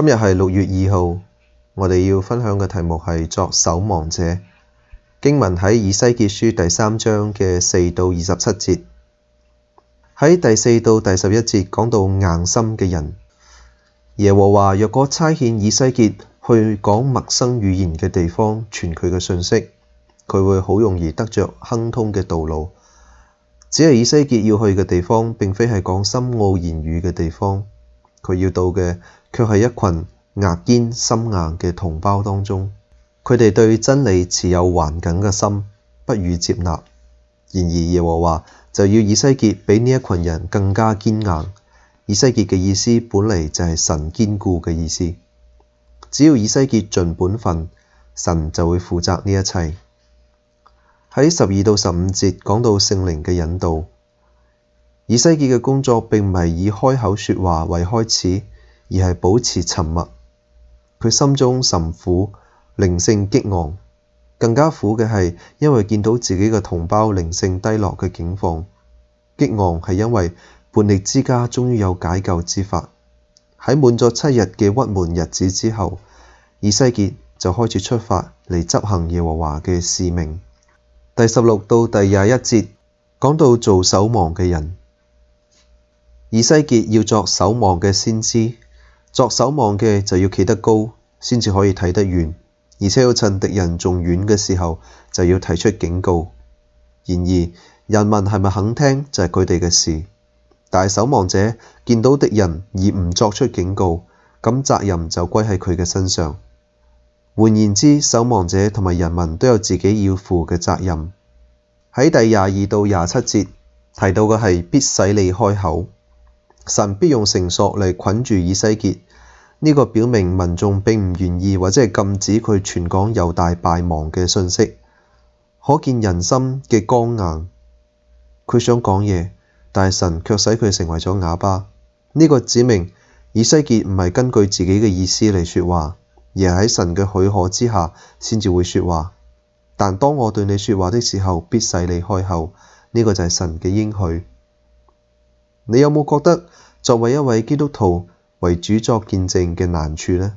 今日係六月二號，我哋要分享嘅題目係作守望者。經文喺以西結書第三章嘅四到二十七節，喺第四到第十一節講到硬心嘅人。耶和華若果差遣以西結去講陌生語言嘅地方，傳佢嘅信息，佢會好容易得着亨通嘅道路。只係以西結要去嘅地方，並非係講深奧言語嘅地方。佢要到嘅，卻係一群額堅心硬嘅同胞當中，佢哋對真理持有頑梗嘅心，不予接納。然而耶和華就要以西結比呢一群人更加堅硬。以西結嘅意思本嚟就係神堅固嘅意思。只要以西結盡本分，神就會負責呢一切。喺十二到十五節講到聖靈嘅引導。以西結嘅工作並唔係以開口說話為開始，而係保持沉默。佢心中甚苦，靈性激昂，更加苦嘅係因為見到自己嘅同胞靈性低落嘅境況。激昂係因為叛逆之家終於有解救之法。喺滿咗七日嘅鬱悶日子之後，以西結就開始出發嚟執行耶和華嘅使命。第十六到第廿一節講到做守望嘅人。以西結要作守望嘅先知，作守望嘅就要企得高，先至可以睇得遠，而且要趁敵人仲遠嘅時候就要提出警告。然而人民係咪肯聽就係佢哋嘅事。但係守望者見到敵人而唔作出警告，咁責任就歸喺佢嘅身上。換言之，守望者同埋人民都有自己要負嘅責任。喺第廿二到廿七節提到嘅係必使你開口。神必用繩索嚟捆住以西結，呢個表明民眾並唔願意或者係禁止佢傳講猶大敗亡嘅信息，可見人心嘅剛硬。佢想講嘢，但係神卻使佢成為咗啞巴。呢個指明以西結唔係根據自己嘅意思嚟說話，而喺神嘅許可之下先至會說話。但當我對你說話的時候，必使你開口。呢個就係神嘅應許。你有冇覺得？作為一位基督徒為主作見證嘅難處呢？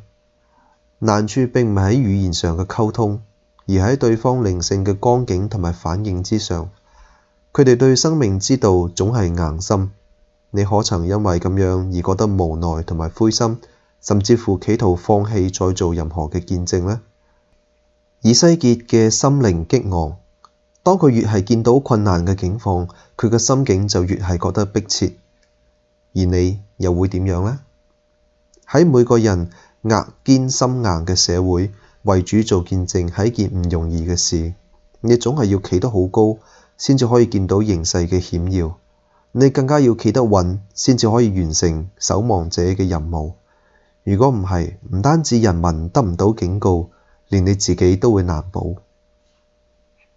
難處並唔係喺語言上嘅溝通，而係喺對方靈性嘅光景同埋反應之上。佢哋對生命之道總係硬心，你可曾因為咁樣而覺得無奈同埋灰心，甚至乎企圖放棄再做任何嘅見證呢？以西結嘅心靈激昂，當佢越係見到困難嘅境況，佢嘅心境就越係覺得迫切。而你又會點樣呢？喺每個人額堅心硬嘅社會，為主做見證係一件唔容易嘅事。你總係要企得好高，先至可以見到形勢嘅險要。你更加要企得穩，先至可以完成守望者嘅任務。如果唔係，唔單止人民得唔到警告，連你自己都會難保。